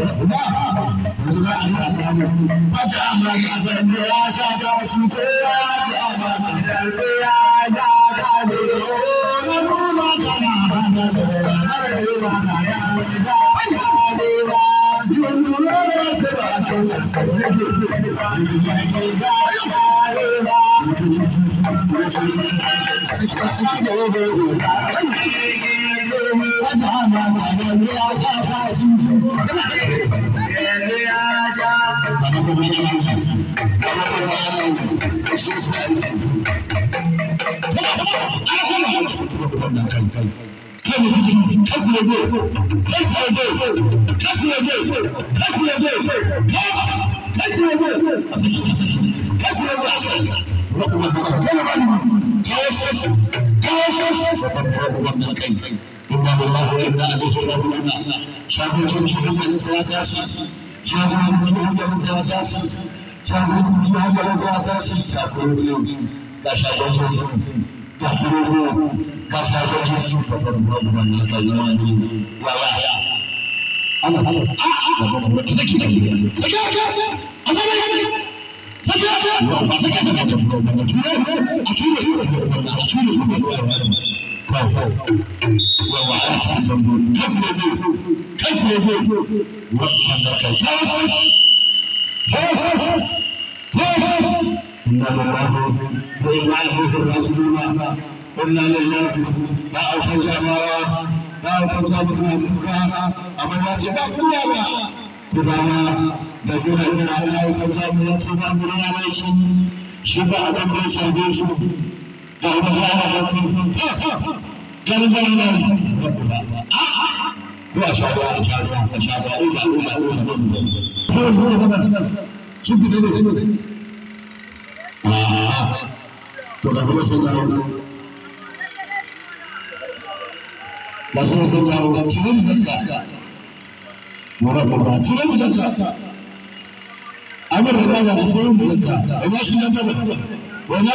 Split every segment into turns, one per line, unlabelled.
Baca abang-abang biasa kau suka abang wata ma kwanan ya sa fasu. ya kitabullah ve ibadihi rasuluna. Şahidin kitabınızı yazarsın. Şahidin kitabınızı yazarsın. Şahidin kitabınızı yazarsın. Şahidin taşabbüsün. Tahminu kasabüsün. Tabarru Rabbana kayyamani ve yahya. Allah Allah. Zeki. Zeki. Zeki. Allah'a Sakın! Sakın! Sakın! Atıyor! Atıyor! Atıyor! Atıyor! Atıyor! Shi ba a a da ɗan ɗan shafe su Amir da ya ce yin bulunta, da ya shi nan da wani da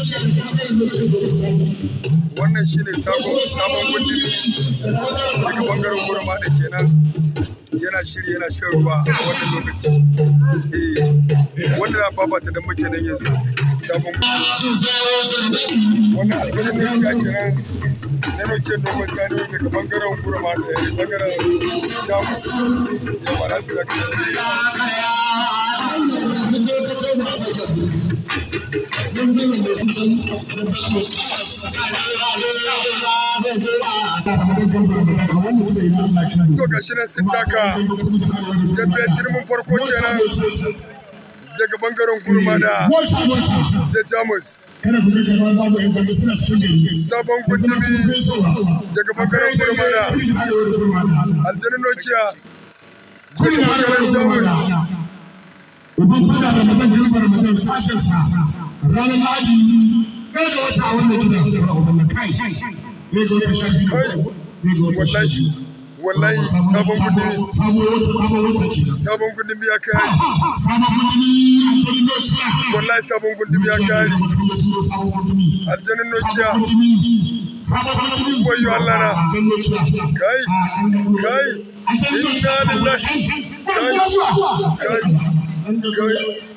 wannan shi sabon sabon gundumi daga bangaren gurma da kenan yana shiri yana shan ruwa a wannan lokaci eh, wanda na babata da muke nan yanzu sabon wannan alƙalin da ya kenan na nokin dogon sani daga bangaren gurma da bangaren jamus ya ba su da kan gungumin da sun san da To ga shi nan sun taka dambe turmin farko kenan daga bangaren kurma da da jamus sabon kundumi daga bangaren kurma da aljanin nokia daga bangaren jamus ranar lahadi ɗaya ga wata a wannan gida ba a wannan kai ne ga wata shafi kai ne ga wata shafi wallahi sabon kudi sabon wata sabon wata ke sabon kudi biya kai sabon kudi a tsorin nociya wallahi sabon kudi biya kai aljanin nociya wayo Allah na kai kai inna lillahi kai kai kai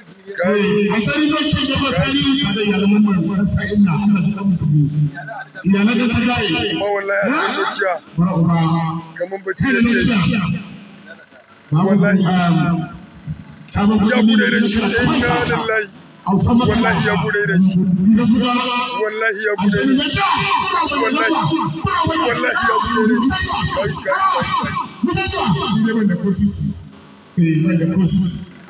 a tsari lokacin da masani da iyalan mai
wani sa'in na Allah ji kan musulmi iyalan da kan dai ma wallahi a cikin lokiya kaman bace da ke wallahi ya bude da shi inna lillahi wallahi ya bude da shi wallahi ya bude da shi wallahi wallahi ya bude da shi kai kai musa so ne ban da kosisi eh ban da kosisi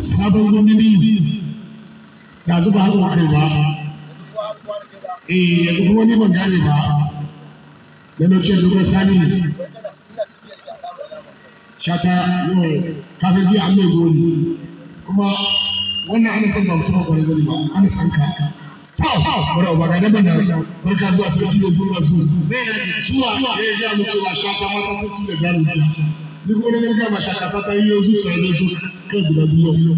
sabon gwamnati da zuba a kai ba eh ya kuma ni ban gane ba da na ce zuba sani shata kasan ji an mai goli kuma wannan ana san ba mutum ba ba ana san ka Bara ba ga daban da barka zuwa sarki da zuwa zuwa. zuwa ya ji mu cewa shata ma kasan ci da gari. duk wani wani dama ta yi yau zuciya ya zo kan guda biyu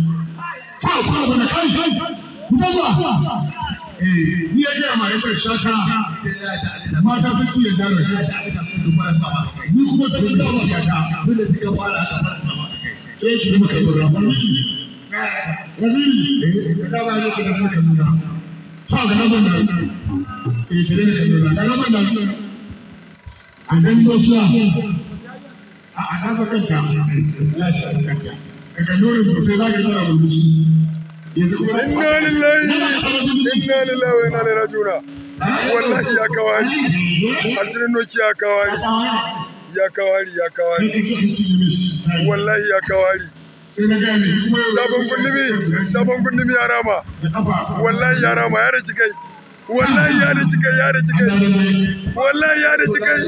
fa fa wani kai kai kusa zuwa ni ya gaya ma ya ce shaka mata sun ciye jarar ni kuma sai ta dama shaka dole ta ga fara ta fara kai shi muka yi ramu waziri ka dama ya ce zama ka nuna sa ga nan nan eh kire ne ka nuna da nan a zan a na sakanta na da sakanta daga nurin sosai za ka kira murmushi inna lillahi inna lillahi wa inna ilaihi raji'un wallahi ya kawari aljinin noki ya kawari ya kawari ya kawari wallahi ya kawari sabon kundumi sabon kundumi ya rama wallahi ya rama ya rage kai wallahi ya rage kai ya rage kai wallahi ya rage kai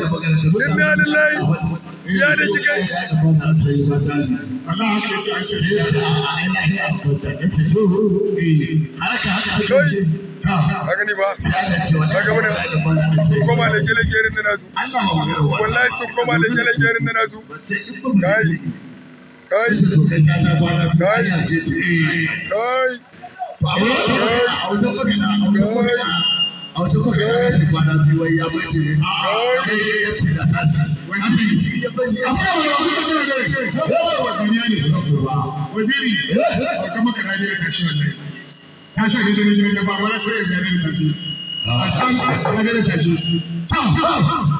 inna lillahi ya da kika yi haka a kai kai kai kai kai kai kai kai amma wani abu ne ko waziri ba kan maka dai da kashi ta gidan gidan da ba wala ya a can ka ga da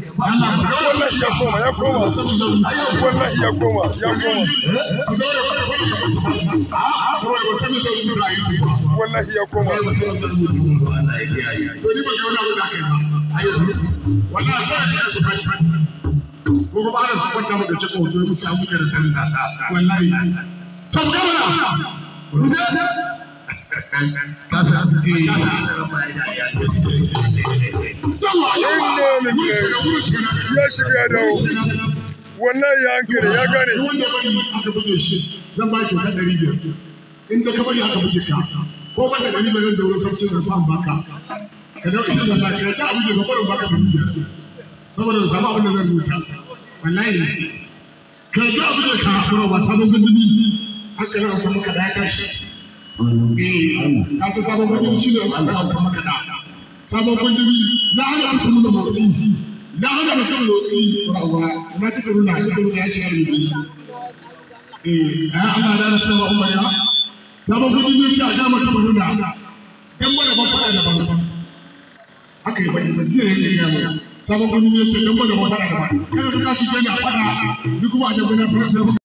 wannan ya koma ya koma wannan ya koma ya koma ya koma su kwanta maka cikin hoto da da wallahi to ga mana kasa ya shiga dawo ya hankali ya gane zan ba ki ɗari biyar in da ka bari aka buge ka ko ba ka ɗari biyar zan sarki na sa baka ka dawo da ta da baka biyar saboda abin da zan rubuta wallahi ka abin da ka ba sabon ya tashi ka eh, sabon shi ne wasu sabon dubi na hana mutum da motsi na hana mutum motsi rawa na cikin nuna ya kuma ya shiga rubi eh ya Allah da rasa wa umma ya sabon dubi sai a ga mata nuna dan mana ba fada da ba haka ba da jiya yake ga mu sababbin dubi sai dan mana ba fada da ba kana ka sai na fada kuma da gona